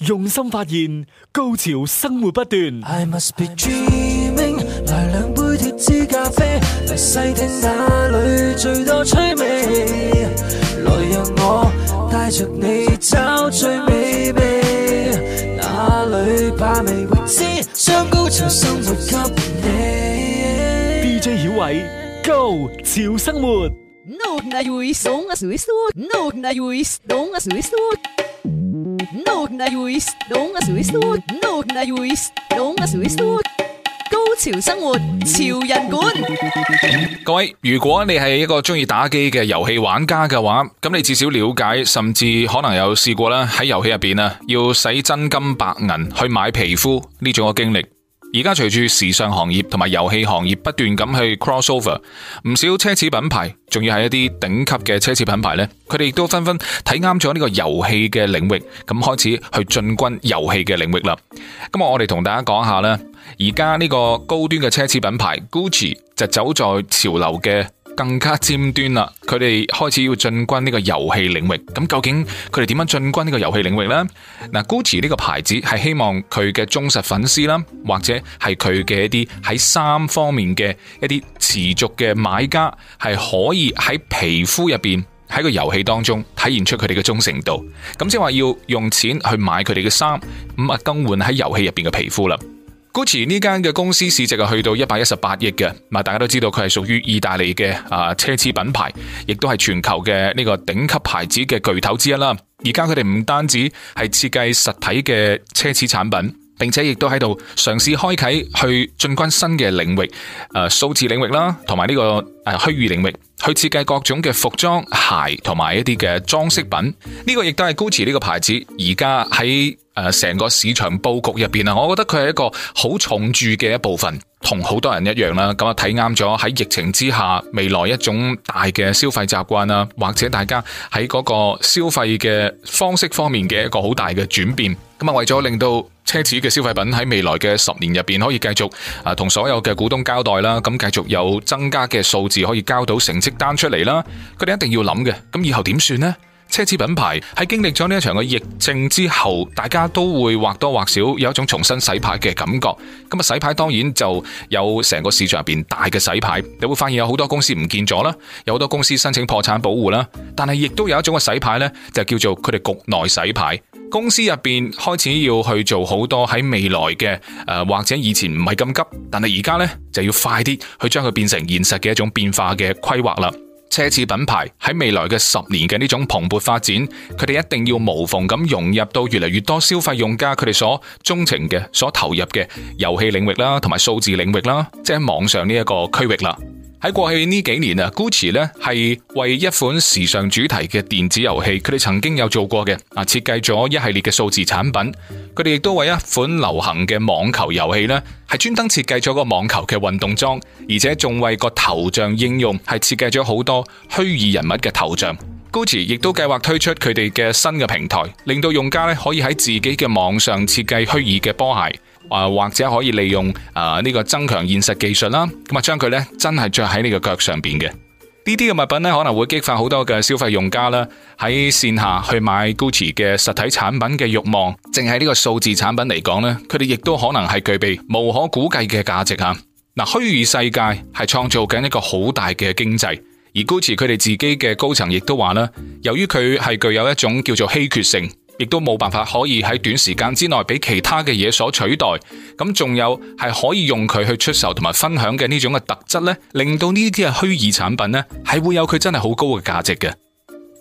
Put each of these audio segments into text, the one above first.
用心發現，高潮生活不斷。I must be dreaming，來兩杯鐵咖啡，嚟細聽哪裡最多趣味。來讓我帶着你找最美味，哪裡怕未知，將高潮生活給你。DJ 小偉，Go 潮生活。No No You Don't Say No No You Don't Say 高潮生活，潮人館。各位，如果你係一個中意打機嘅遊戲玩家嘅話，咁你至少了解，甚至可能有試過啦，喺遊戲入邊啊，要使真金白銀去買皮膚呢種嘅經歷。而家隨住時尚行業同埋遊戲行業不斷咁去 crossover，唔少奢侈品牌，仲要係一啲頂級嘅奢侈品牌咧，佢哋亦都紛紛睇啱咗呢個遊戲嘅領域，咁開始去進軍遊戲嘅領域啦。咁我我哋同大家講下咧，而家呢個高端嘅奢侈品牌 Gucci 就走在潮流嘅。更加尖端啦，佢哋開始要進軍呢個遊戲領域。咁究竟佢哋點樣進軍呢個遊戲領域呢？嗱，Gucci 呢個牌子係希望佢嘅忠實粉絲啦，或者係佢嘅一啲喺衫方面嘅一啲持續嘅買家，係可以喺皮膚入邊喺個遊戲當中體現出佢哋嘅忠誠度。咁即係話要用錢去買佢哋嘅衫，咁啊更換喺遊戲入邊嘅皮膚啦。Gucci 呢間嘅公司市值啊，去到一百一十八億嘅，大家都知道佢係屬於意大利嘅啊奢侈品牌，亦都係全球嘅呢個頂級牌子嘅巨頭之一啦。而家佢哋唔單止係設計實體嘅奢侈產品，並且亦都喺度嘗試開啟去進軍新嘅領域，啊，誒數字領域啦，同埋呢個。誒，虛擬領域去設計各種嘅服裝、鞋同埋一啲嘅裝飾品，呢個亦都係 Gucci 呢個牌子而家喺誒成個市場佈局入邊啊，我覺得佢係一個好重注嘅一部分，同好多人一樣啦。咁啊，睇啱咗喺疫情之下，未來一種大嘅消費習慣啊，或者大家喺嗰個消費嘅方式方面嘅一個好大嘅轉變。咁啊，為咗令到奢侈嘅消費品喺未來嘅十年入邊可以繼續啊，同所有嘅股東交代啦，咁繼續有增加嘅數字。可以交到成績單出嚟啦，佢哋一定要諗嘅，咁以後點算呢？奢侈品牌喺經歷咗呢一場嘅疫症之後，大家都會或多或少有一種重新洗牌嘅感覺。咁啊，洗牌當然就有成個市場入邊大嘅洗牌。你會發現有好多公司唔見咗啦，有好多公司申請破產保護啦。但係亦都有一種嘅洗牌呢，就叫做佢哋局內洗牌。公司入邊開始要去做好多喺未來嘅、誒、呃，或者以前唔係咁急，但係而家呢，就要快啲去將佢變成現實嘅一種變化嘅規劃啦。奢侈品牌喺未來嘅十年嘅呢種蓬勃發展，佢哋一定要無縫咁融入到越嚟越多消費用家佢哋所鍾情嘅、所投入嘅遊戲領域啦，同埋數字領域啦，即係網上呢一個區域啦。喺過去呢幾年啊，Gucci 咧係為一款時尚主題嘅電子遊戲，佢哋曾經有做過嘅啊，設計咗一系列嘅數字產品。佢哋亦都為一款流行嘅網球遊戲咧，係專登設計咗個網球嘅運動裝，而且仲為個頭像應用係設計咗好多虛擬人物嘅頭像。Gucci 亦都計劃推出佢哋嘅新嘅平台，令到用家咧可以喺自己嘅網上設計虛擬嘅波鞋。誒，或者可以利用誒呢、呃這個增強現實技術啦，咁啊將佢咧真係着喺呢個腳上邊嘅呢啲嘅物品咧，可能會激發好多嘅消費用家啦喺線下去買 GUCCI 嘅實體產品嘅慾望。淨係呢個數字產品嚟講咧，佢哋亦都可能係具備無可估計嘅價值啊！嗱，虛擬世界係創造緊一個好大嘅經濟，而 GUCCI 佢哋自己嘅高層亦都話啦，由於佢係具有一種叫做稀缺性。亦都冇辦法可以喺短時間之內俾其他嘅嘢所取代，咁仲有係可以用佢去出售同埋分享嘅呢種嘅特質呢，令到呢啲嘅虛擬產品呢係會有佢真係好高嘅價值嘅。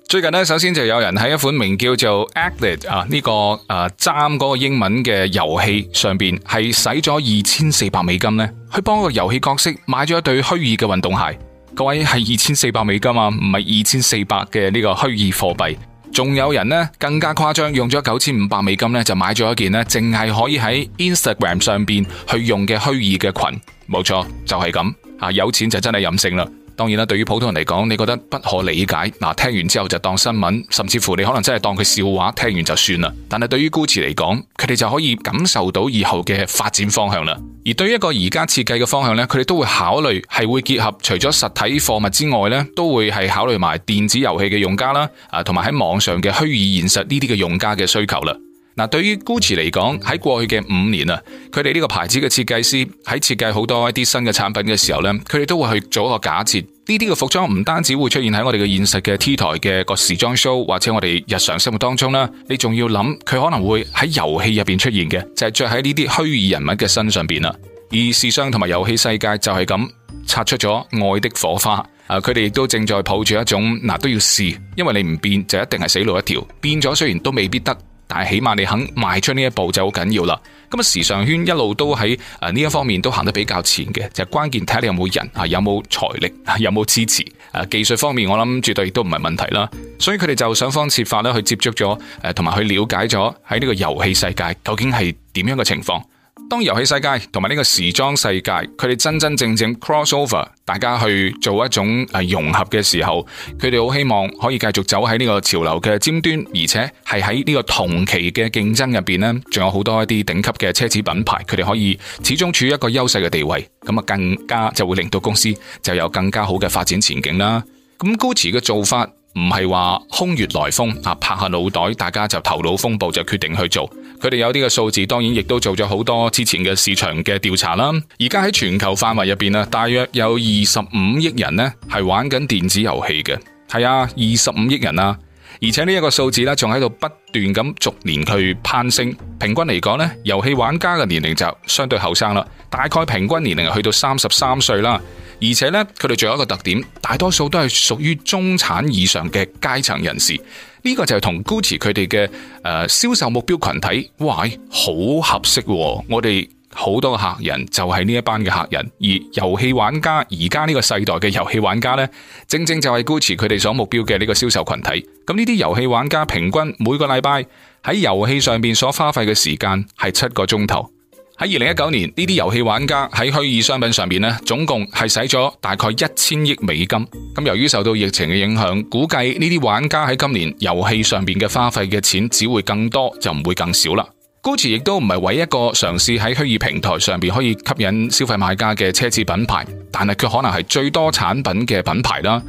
最近呢，首先就有人喺一款名叫做 Aglet 啊呢、這個誒斬嗰個英文嘅遊戲上邊係使咗二千四百美金呢，去幫個遊戲角色買咗一對虛擬嘅運動鞋。各位係二千四百美金啊，唔係二千四百嘅呢個虛擬貨幣。仲有人呢，更加誇張，用咗九千五百美金呢，就買咗一件呢，淨係可以喺 Instagram 上邊去用嘅虛擬嘅裙。冇錯，就係咁啊！有錢就真係任性啦。當然啦，對於普通人嚟講，你覺得不可理解，嗱，聽完之後就當新聞，甚至乎你可能真係當佢笑話，聽完就算啦。但係對於 Gucci 嚟講，佢哋就可以感受到以後嘅發展方向啦。而對於一個而家設計嘅方向呢，佢哋都會考慮係會結合除咗實體貨物之外呢，都會係考慮埋電子遊戲嘅用家啦，啊，同埋喺網上嘅虛擬現實呢啲嘅用家嘅需求啦。嗱，對於 Gucci 嚟講，喺過去嘅五年啊，佢哋呢個牌子嘅設計師喺設計好多一啲新嘅產品嘅時候咧，佢哋都會去做一個假設，呢啲嘅服裝唔單止會出現喺我哋嘅現實嘅 T 台嘅個時裝 show，或者我哋日常生活當中咧，你仲要諗佢可能會喺遊戲入邊出現嘅，就係着喺呢啲虛擬人物嘅身上邊啦。而時尚同埋遊戲世界就係咁擦出咗愛的火花。啊，佢哋亦都正在抱住一種，嗱都要試，因為你唔變就一定係死路一條，變咗雖然都未必得。但係起碼你肯邁出呢一步就好緊要啦。咁啊時尚圈一路都喺呢一方面都行得比較前嘅，就係關鍵睇下你有冇人啊，有冇財力，有冇支持啊，技術方面我諗絕對都唔係問題啦。所以佢哋就想方設法咧去接觸咗誒，同埋去了解咗喺呢個遊戲世界究竟係點樣嘅情況。當遊戲世界同埋呢個時裝世界，佢哋真真正正 cross over，大家去做一種融合嘅時候，佢哋好希望可以繼續走喺呢個潮流嘅尖端，而且係喺呢個同期嘅競爭入邊咧，仲有好多一啲頂級嘅奢侈品牌，佢哋可以始終處於一個優勢嘅地位，咁啊更加就會令到公司就有更加好嘅發展前景啦。咁古馳嘅做法唔係話空穴來風啊，拍下腦袋，大家就頭腦風暴就決定去做。佢哋有呢個數字，當然亦都做咗好多之前嘅市場嘅調查啦。而家喺全球範圍入邊啊，大約有二十五億人呢係玩緊電子遊戲嘅。係啊，二十五億人啊，而且呢一個數字咧，仲喺度不斷咁逐年去攀升。平均嚟講咧，遊戲玩家嘅年齡就相對後生啦，大概平均年齡去到三十三歲啦。而且呢，佢哋仲有一個特點，大多數都係屬於中產以上嘅階層人士。呢個就係同 Gucci 佢哋嘅誒、呃、銷售目標群體，哇，好合適、啊。我哋好多嘅客人就係呢一班嘅客人，而遊戲玩家而家呢個世代嘅遊戲玩家呢，正正就係 Gucci 佢哋所目標嘅呢個銷售群體。咁呢啲遊戲玩家平均每個禮拜喺遊戲上面所花費嘅時間係七個鐘頭。喺二零一九年，呢啲遊戲玩家喺虛擬商品上面呢，總共係使咗大概一千億美金。咁由於受到疫情嘅影響，估計呢啲玩家喺今年遊戲上邊嘅花費嘅錢只會更多，就唔會更少啦。Gucci 亦都唔係唯一一個嘗試喺虛擬平台上邊可以吸引消費買家嘅奢侈品牌，但係佢可能係最多產品嘅品牌啦。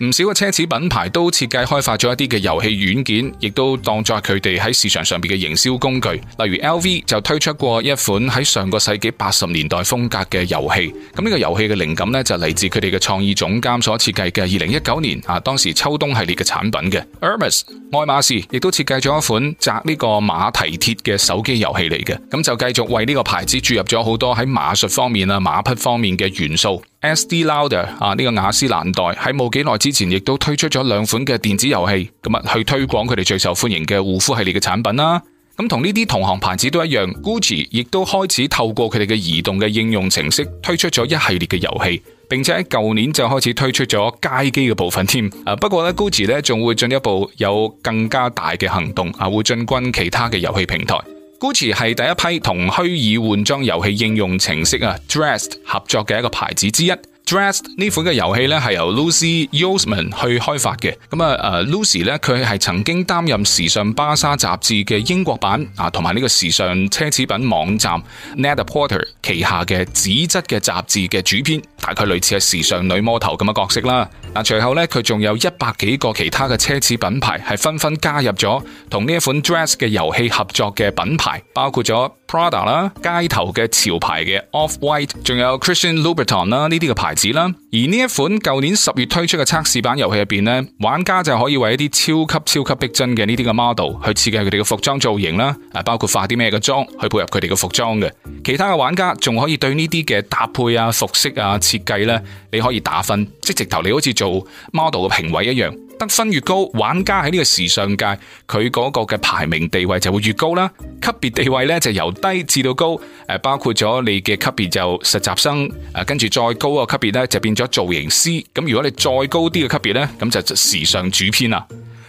唔少嘅奢侈品牌都設計開發咗一啲嘅遊戲軟件，亦都當作佢哋喺市場上邊嘅營銷工具。例如 LV 就推出過一款喺上個世紀八十年代風格嘅遊戲。咁呢個遊戲嘅靈感呢，就嚟自佢哋嘅創意總監所設計嘅二零一九年啊，當時秋冬系列嘅產品嘅。Hermès 愛馬仕亦都設計咗一款摘呢個馬蹄鐵嘅手機遊戲嚟嘅。咁就繼續為呢個牌子注入咗好多喺馬術方面啊馬匹方面嘅元素。S D louder 啊，呢、這個雅詩蘭黛喺冇幾耐之前，亦都推出咗兩款嘅電子遊戲，咁啊去推廣佢哋最受歡迎嘅護膚系列嘅產品啦。咁同呢啲同行牌子都一樣，Gucci 亦都開始透過佢哋嘅移動嘅應用程式推出咗一系列嘅遊戲，並且喺舊年就開始推出咗街機嘅部分添。啊，不過呢 Gucci 咧仲會進一步有更加大嘅行動啊，會進軍其他嘅遊戲平台。Gucci 係第一批同虛擬換裝遊戲應用程式啊，Dressed 合作嘅一個牌子之一。Dressed 呢款嘅遊戲咧係由 Lucy Yeomans 去開發嘅。咁啊，誒 Lucy 咧佢係曾經擔任時尚芭莎雜誌嘅英國版啊，同埋呢個時尚奢侈品網站 Net-a-Porter 旗下嘅紙質嘅雜誌嘅主編。大概類似係時尚女魔頭咁嘅角色啦。嗱，隨後咧佢仲有一百幾個其他嘅奢侈品牌係紛紛加入咗同呢一款 dress 嘅遊戲合作嘅品牌，包括咗 Prada 啦、街頭嘅潮牌嘅 Off White，仲有 Christian Louboutin 啦呢啲嘅牌子啦。而呢一款舊年十月推出嘅測試版遊戲入邊咧，玩家就可以為一啲超級超級逼真嘅呢啲嘅 model 去設計佢哋嘅服裝造型啦，啊，包括化啲咩嘅妝去配合佢哋嘅服裝嘅。其他嘅玩家仲可以對呢啲嘅搭配啊、服飾啊、設計呢，你可以打分，即直頭你，好似做 model 嘅評委一樣。得分越高，玩家喺呢個時尚界佢嗰個嘅排名地位就會越高啦。級別地位咧就由低至到高，誒，包括咗你嘅級別就實習生，誒，跟住再高個級別咧就變咗造型師。咁如果你再高啲嘅級別咧，咁就時尚主編啦，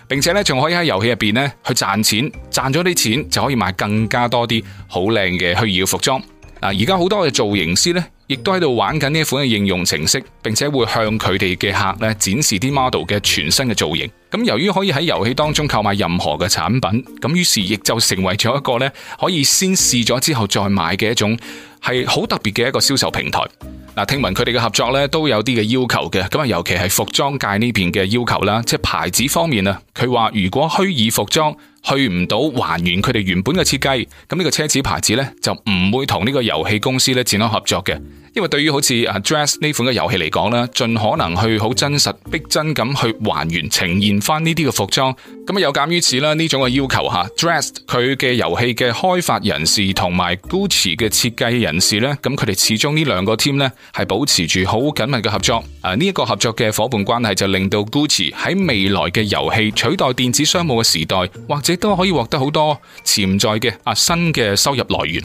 並且咧仲可以喺遊戲入邊咧去賺錢，賺咗啲錢就可以買更加多啲好靚嘅虛擬服裝。啊，而家好多嘅造型師咧。亦都喺度玩緊呢一款嘅應用程式，並且會向佢哋嘅客咧展示啲 model 嘅全新嘅造型。咁由於可以喺遊戲當中購買任何嘅產品，咁於是亦就成為咗一個咧可以先試咗之後再買嘅一種。係好特別嘅一個銷售平台。嗱，聽聞佢哋嘅合作咧都有啲嘅要求嘅，咁啊，尤其係服裝界呢邊嘅要求啦，即係牌子方面啊，佢話如果虛擬服裝去唔到還原佢哋原本嘅設計，咁呢個奢侈牌子咧就唔會同呢個遊戲公司咧展開合作嘅。因為對於好似啊 Dress 呢款嘅遊戲嚟講咧，盡可能去好真實逼真咁去還原呈現翻呢啲嘅服裝，咁啊有鑒於此啦，呢種嘅要求吓，Dress 佢嘅遊戲嘅開發人士同埋 Gucci 嘅設計人士咧，咁佢哋始終呢兩個 team 咧係保持住好緊密嘅合作，啊呢一個合作嘅伙伴關係就令到 Gucci 喺未來嘅遊戲取代電子商務嘅時代，或者都可以獲得好多潛在嘅啊新嘅收入來源。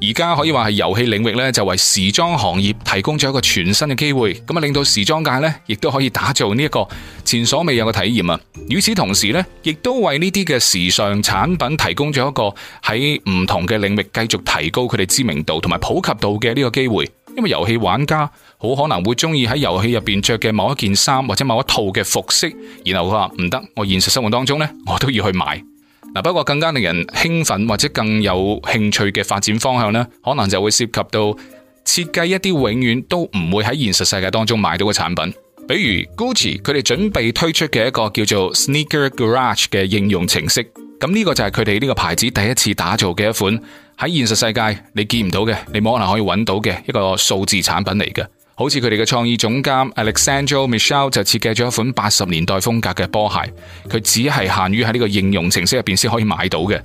而家可以話係遊戲領域咧，就為時裝行業提供咗一個全新嘅機會，咁啊令到時裝界咧，亦都可以打造呢一個前所未有嘅體驗啊！與此同時咧，亦都為呢啲嘅時尚產品提供咗一個喺唔同嘅領域繼續提高佢哋知名度同埋普及度嘅呢個機會，因為遊戲玩家好可能會中意喺遊戲入邊着嘅某一件衫或者某一套嘅服飾，然後佢話唔得，我現實生活當中咧，我都要去買。不過更加令人興奮或者更有興趣嘅發展方向呢，可能就會涉及到設計一啲永遠都唔會喺現實世界當中買到嘅產品，比如 Gucci 佢哋準備推出嘅一個叫做 Sneaker Garage 嘅應用程式。咁呢個就係佢哋呢個牌子，第一次打造嘅一款，喺現實世界你見唔到嘅，你冇可能可以揾到嘅一個數字產品嚟嘅。好似佢哋嘅創意總監 Alexandre Michel 就設計咗一款八十年代風格嘅波鞋，佢只係限於喺呢個應用程式入邊先可以買到嘅。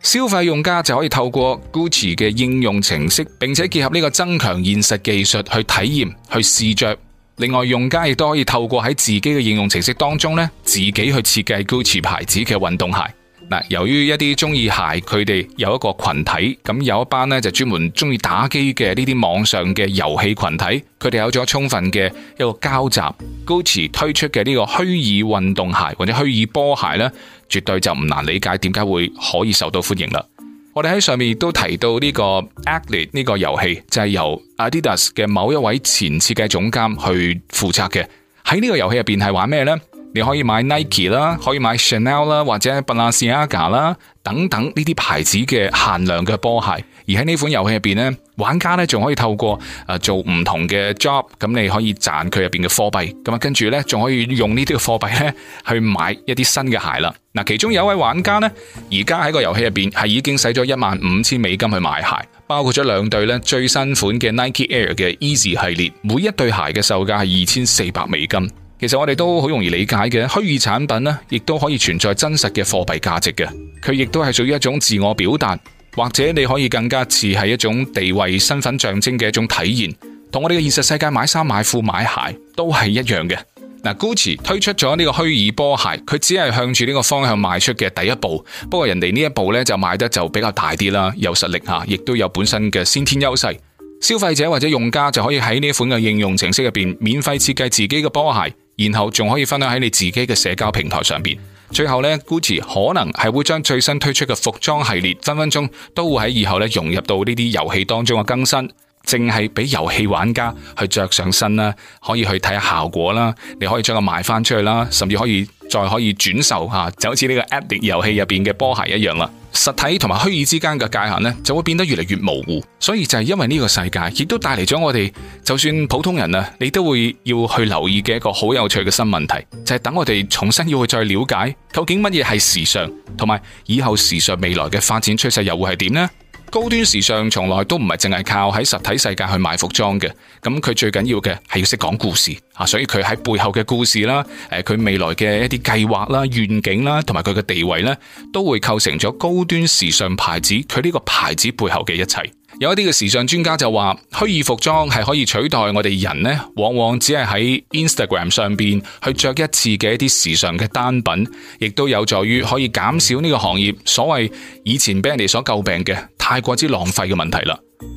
消費用家就可以透過 Gucci 嘅應用程式，並且結合呢個增強現實技術去體驗去試着。另外，用家亦都可以透過喺自己嘅應用程式當中呢，自己去設計 Gucci 牌子嘅運動鞋。嗱，由於一啲中意鞋，佢哋有一個群體，咁有一班呢，就專門中意打機嘅呢啲網上嘅遊戲群體，佢哋有咗充分嘅一個交集，Gucci 推出嘅呢個虛擬運動鞋或者虛擬波鞋呢，絕對就唔難理解點解會可以受到歡迎啦。我哋喺上面亦都提到呢個 Aglet 呢個遊戲就係、是、由 Adidas 嘅某一位前設計總監去負責嘅，喺呢個遊戲入邊係玩咩呢？你可以買 Nike 啦，可以買 Chanel 啦，或者 Balenciaga 啦，等等呢啲牌子嘅限量嘅波鞋。而喺呢款遊戲入邊咧，玩家咧仲可以透過誒做唔同嘅 job，咁你可以賺佢入邊嘅貨幣。咁啊，跟住呢，仲可以用呢啲嘅貨幣呢去買一啲新嘅鞋啦。嗱，其中有一位玩家呢，而家喺個遊戲入邊係已經使咗一萬五千美金去買鞋，包括咗兩對咧最新款嘅 Nike Air 嘅 Easy 系列，每一對鞋嘅售價係二千四百美金。其實我哋都好容易理解嘅，虛擬產品呢亦都可以存在真實嘅貨幣價值嘅。佢亦都係屬於一種自我表達，或者你可以更加似係一種地位、身份象徵嘅一種體驗，同我哋嘅現實世界買衫、買褲、買鞋都係一樣嘅。嗱，Gucci 推出咗呢個虛擬波鞋，佢只係向住呢個方向邁出嘅第一步。不過人哋呢一步呢，就邁得就比較大啲啦，有實力吓，亦都有本身嘅先天優勢。消費者或者用家就可以喺呢款嘅應用程式入邊免費設計自己嘅波鞋。然後仲可以分享喺你自己嘅社交平台上邊。最後呢，Gucci 可能係會將最新推出嘅服裝系列分分鐘都會喺以後咧融入到呢啲遊戲當中嘅更新。淨係俾遊戲玩家去着上身啦，可以去睇下效果啦，你可以將佢賣翻出去啦，甚至可以再可以轉售吓，就好似呢個 ADT 遊戲入邊嘅波鞋一樣啦。實體同埋虛擬之間嘅界限呢，就會變得越嚟越模糊。所以就係因為呢個世界，亦都帶嚟咗我哋，就算普通人啊，你都會要去留意嘅一個好有趣嘅新問題，就係、是、等我哋重新要去再了解，究竟乜嘢係時尚，同埋以後時尚未來嘅發展趨勢又會係點呢？高端時尚從來都唔係淨係靠喺實體世界去賣服裝嘅，咁佢最緊要嘅係要識講故事。啊！所以佢喺背後嘅故事啦，誒，佢未來嘅一啲計劃啦、願景啦，同埋佢嘅地位咧，都會構成咗高端時尚牌子。佢呢個牌子背後嘅一切，有一啲嘅時尚專家就話，虛擬服裝係可以取代我哋人呢，往往只係喺 Instagram 上邊去着一次嘅一啲時尚嘅單品，亦都有助於可以減少呢個行業所謂以前俾人哋所詬病嘅太過之浪費嘅問題啦。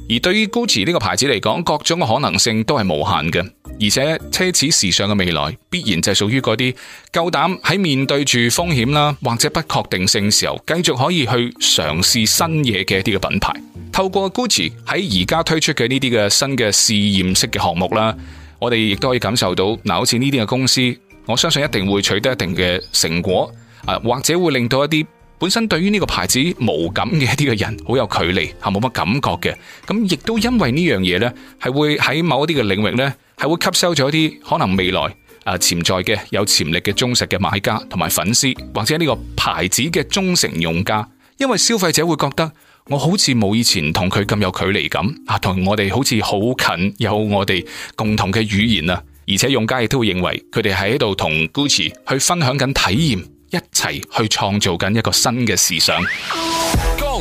而對於 Gucci 呢個牌子嚟講，各種嘅可能性都係無限嘅，而且奢侈時尚嘅未來必然就係屬於嗰啲夠膽喺面對住風險啦，或者不確定性時候，繼續可以去嘗試新嘢嘅一啲嘅品牌。透過 Gucci 喺而家推出嘅呢啲嘅新嘅試驗式嘅項目啦，我哋亦都可以感受到嗱，好似呢啲嘅公司，我相信一定會取得一定嘅成果，啊，或者會令到一啲。本身對於呢個牌子無感嘅呢個人，好有距離吓，冇乜感覺嘅。咁亦都因為呢樣嘢呢，係會喺某一啲嘅領域呢，係會吸收咗一啲可能未來誒潛在嘅有潛力嘅忠實嘅買家同埋粉絲，或者呢個牌子嘅忠誠用家。因為消費者會覺得我好似冇以前同佢咁有距離感，啊，同我哋好似好近，有我哋共同嘅語言啊。而且用家亦都會認為佢哋係喺度同 Gucci 去分享緊體驗。一齊去創造緊一個新嘅時尚。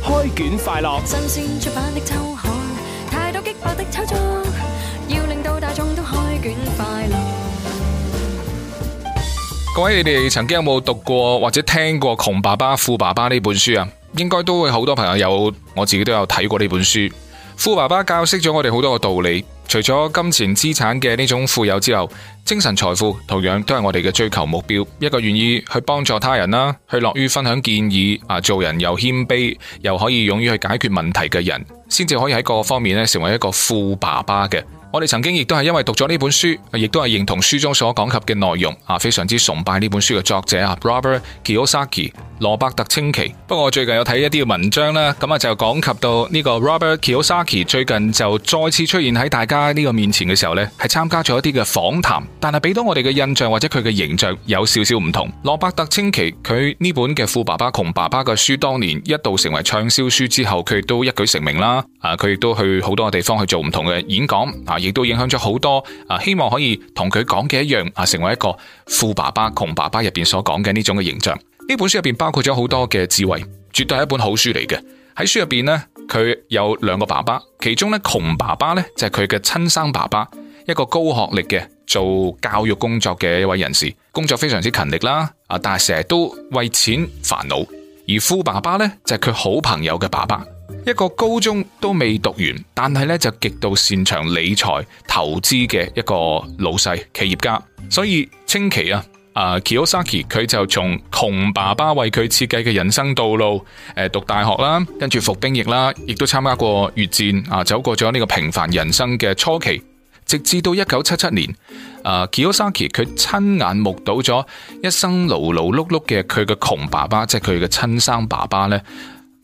開卷快樂。新鮮出版的《秋寒》，太多激烈的炒作，要令到大眾都開卷快樂。各位，你哋曾經有冇讀過或者聽過《窮爸爸富爸爸》呢本書啊？應該都會好多朋友有，我自己都有睇過呢本書。富爸爸教識咗我哋好多個道理。除咗金錢資產嘅呢種富有之後，精神財富同樣都係我哋嘅追求目標。一個願意去幫助他人啦，去樂於分享建議啊，做人又謙卑，又可以勇於去解決問題嘅人，先至可以喺各個方面咧，成為一個富爸爸嘅。我哋曾經亦都係因為讀咗呢本書，亦都係認同書中所講及嘅內容啊，非常之崇拜呢本書嘅作者啊，Robert Kiyosaki。羅伯特清崎，不過我最近有睇一啲嘅文章啦。咁啊就講及到呢個 Robert Kiyosaki 最近就再次出現喺大家呢個面前嘅時候呢，係參加咗一啲嘅訪談，但係俾到我哋嘅印象或者佢嘅形象有少少唔同。羅伯特清崎佢呢本嘅《富爸爸窮爸爸》嘅書，當年一度成為暢銷書之後，佢亦都一舉成名啦。啊，佢亦都去好多地方去做唔同嘅演講，啊，亦都影響咗好多啊。希望可以同佢講嘅一樣啊，成為一個富爸爸窮爸爸入邊所講嘅呢種嘅形象。呢本書入邊包括咗好多嘅智慧，絕對係一本好書嚟嘅。喺書入邊呢，佢有兩個爸爸，其中咧窮爸爸咧就係佢嘅親生爸爸，一個高學歷嘅做教育工作嘅一位人士，工作非常之勤力啦，啊，但係成日都為錢煩惱。而富爸爸咧就係佢好朋友嘅爸爸，一個高中都未讀完，但係咧就極度擅長理財投資嘅一個老細企業家，所以清奇啊！誒、uh，Kiyosaki 佢就從窮爸爸為佢設計嘅人生道路，誒讀大學啦，跟住服兵役啦，亦都參加過越戰，啊走過咗呢個平凡人生嘅初期，直至到一九七七年，誒、uh, Kiyosaki 佢親眼目睹咗一生勞勞碌碌嘅佢嘅窮爸爸，即係佢嘅親生爸爸咧，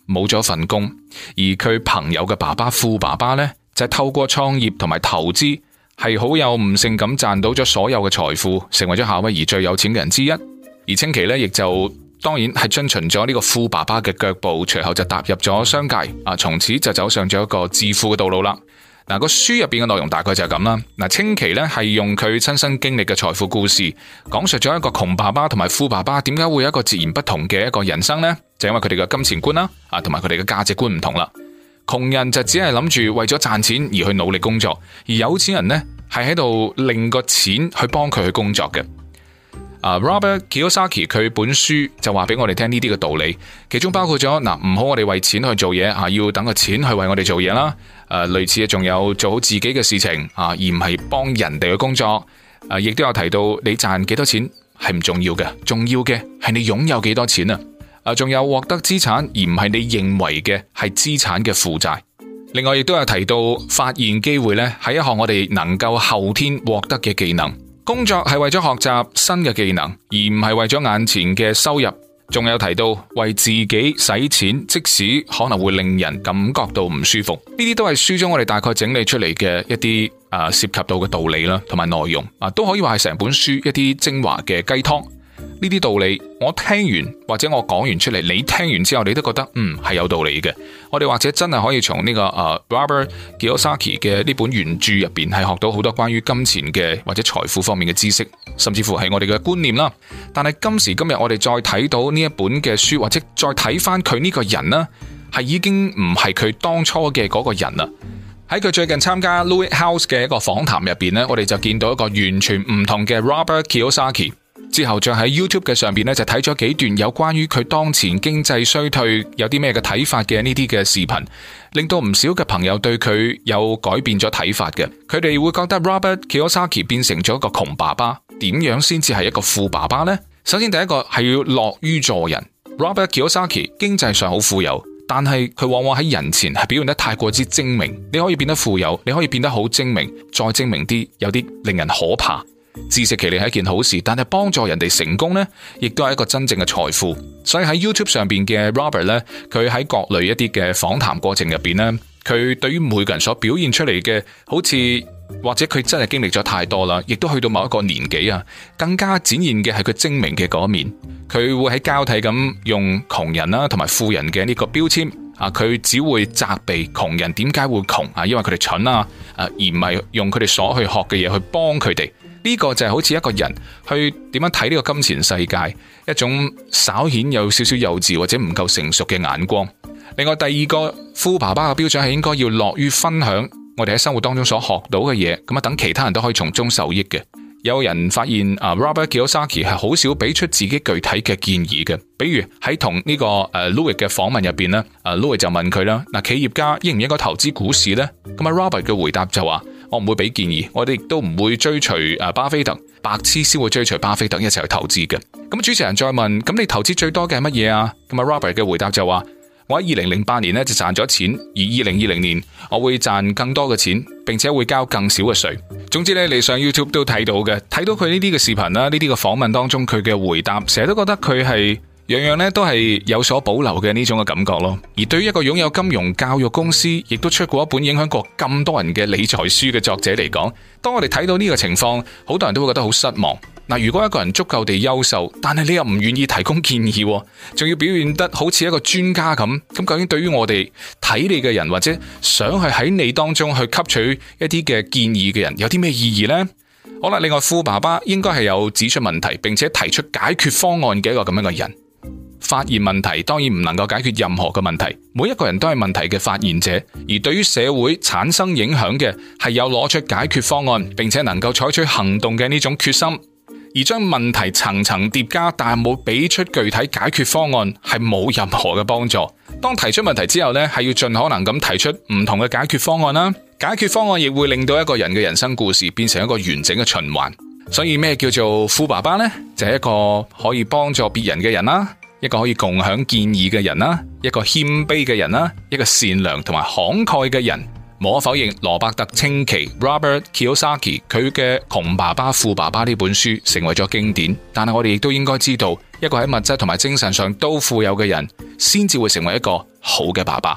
冇咗份工，而佢朋友嘅爸爸富爸爸咧，就係、是、透過創業同埋投資。係好有悟性咁賺到咗所有嘅財富，成為咗夏威夷最有錢嘅人之一。而清奇呢，亦就當然係遵循咗呢個富爸爸嘅腳步，隨後就踏入咗商界啊，從此就走上咗一個致富嘅道路啦。嗱、啊，個書入邊嘅內容大概就係咁啦。嗱、啊，清奇呢，係用佢親身經歷嘅財富故事，講述咗一個窮爸爸同埋富爸爸點解會有一個截然不同嘅一個人生呢？就因為佢哋嘅金錢觀啦，啊，同埋佢哋嘅價值觀唔同啦。窮人就只係諗住為咗賺錢而去努力工作，而有錢人呢係喺度令個錢去幫佢去工作嘅。Robert Kiyosaki 佢本書就話俾我哋聽呢啲嘅道理，其中包括咗。嗱，唔好我哋為錢去做嘢吓，要等個錢去為我哋做嘢啦。誒，類似仲有做好自己嘅事情啊，而唔係幫人哋嘅工作。亦都有提到你賺幾多錢係唔重要嘅，重要嘅係你擁有幾多錢啊。啊，仲有獲得資產，而唔係你認為嘅係資產嘅負債。另外，亦都有提到發現機會咧，係一項我哋能夠後天獲得嘅技能。工作係為咗學習新嘅技能，而唔係為咗眼前嘅收入。仲有提到為自己使錢，即使可能會令人感覺到唔舒服。呢啲都係書中我哋大概整理出嚟嘅一啲啊涉及到嘅道理啦，同埋內容啊，都可以話係成本書一啲精華嘅雞湯。呢啲道理，我聽完或者我講完出嚟，你聽完之後，你都覺得嗯係有道理嘅。我哋或者真係可以從呢、這個誒、uh, Robert Kiyosaki 嘅呢本原著入邊係學到好多關於金錢嘅或者財富方面嘅知識，甚至乎係我哋嘅觀念啦。但係今時今日，我哋再睇到呢一本嘅書，或者再睇返佢呢個人啦，係已經唔係佢當初嘅嗰個人啦。喺佢最近參加 Lewis Howes 嘅一個訪談入邊呢，我哋就見到一個完全唔同嘅 Robert Kiyosaki。之後再喺 YouTube 嘅上邊咧，就睇咗幾段有關於佢當前經濟衰退有啲咩嘅睇法嘅呢啲嘅視頻，令到唔少嘅朋友對佢有改變咗睇法嘅。佢哋會覺得 Robert Kiyosaki 變成咗一個窮爸爸，點樣先至係一個富爸爸呢？首先第一個係要樂於助人。Robert Kiyosaki 經濟上好富有，但係佢往往喺人前係表現得太過之精明。你可以變得富有，你可以變得好精明，再精明啲，有啲令人可怕。自食其力係一件好事，但係幫助人哋成功呢，亦都係一個真正嘅財富。所以喺 YouTube 上邊嘅 Robert 呢，佢喺各類一啲嘅訪談過程入邊呢，佢對於每個人所表現出嚟嘅，好似或者佢真係經歷咗太多啦，亦都去到某一個年紀啊，更加展現嘅係佢精明嘅嗰一面。佢會喺交替咁用窮人啦，同埋富人嘅呢個標籤啊，佢只會責備窮人點解會窮啊，因為佢哋蠢啦啊，而唔係用佢哋所去學嘅嘢去幫佢哋。呢個就係好似一個人去點樣睇呢個金錢世界，一種稍顯有少少幼稚或者唔夠成熟嘅眼光。另外第二個富爸爸嘅標準係應該要樂於分享我哋喺生活當中所學到嘅嘢，咁啊等其他人都可以從中受益嘅。有人發現啊，Robert Kiyosaki 係好少俾出自己具體嘅建議嘅，比如喺同呢個誒 Louis 嘅訪問入邊咧，誒、嗯、Louis 就問佢啦，嗱，企業家應唔應該投資股市呢？」咁啊 Robert 嘅回答就話。我唔會俾建議，我哋亦都唔會追隨誒巴菲特，白痴先會追隨巴菲特一齊去投資嘅。咁主持人再問，咁你投資最多嘅係乜嘢啊？咁阿 Robert 嘅回答就話，我喺二零零八年咧就賺咗錢，而二零二零年我會賺更多嘅錢，並且會交更少嘅稅。總之咧，你上 YouTube 都睇到嘅，睇到佢呢啲嘅視頻啦，呢啲嘅訪問當中佢嘅回答，成日都覺得佢係。樣樣咧都係有所保留嘅呢種嘅感覺咯。而對於一個擁有金融教育公司，亦都出過一本影響過咁多人嘅理財書嘅作者嚟講，當我哋睇到呢個情況，好多人都會覺得好失望。嗱，如果一個人足夠地優秀，但係你又唔願意提供建議，仲要表現得好似一個專家咁，咁究竟對於我哋睇你嘅人或者想去喺你當中去吸取一啲嘅建議嘅人，有啲咩意義呢？好啦，另外富爸爸應該係有指出問題，並且提出解決方案嘅一個咁樣嘅人。發現問題當然唔能夠解決任何嘅問題。每一個人都係問題嘅發現者，而對於社會產生影響嘅係有攞出解決方案，並且能夠採取行動嘅呢種決心。而將問題層層疊加，但冇俾出具體解決方案，係冇任何嘅幫助。當提出問題之後呢，係要盡可能咁提出唔同嘅解決方案啦。解決方案亦會令到一個人嘅人生故事變成一個完整嘅循環。所以咩叫做富爸爸呢？就係一個可以幫助別人嘅人啦。一個可以共享建議嘅人啦，一個謙卑嘅人啦，一個善良同埋慷慨嘅人，無可否認。羅伯特清崎 Robert Kiyosaki 佢嘅窮爸爸富爸爸呢本書成為咗經典，但係我哋亦都應該知道，一個喺物質同埋精神上都富有嘅人，先至會成為一個好嘅爸爸。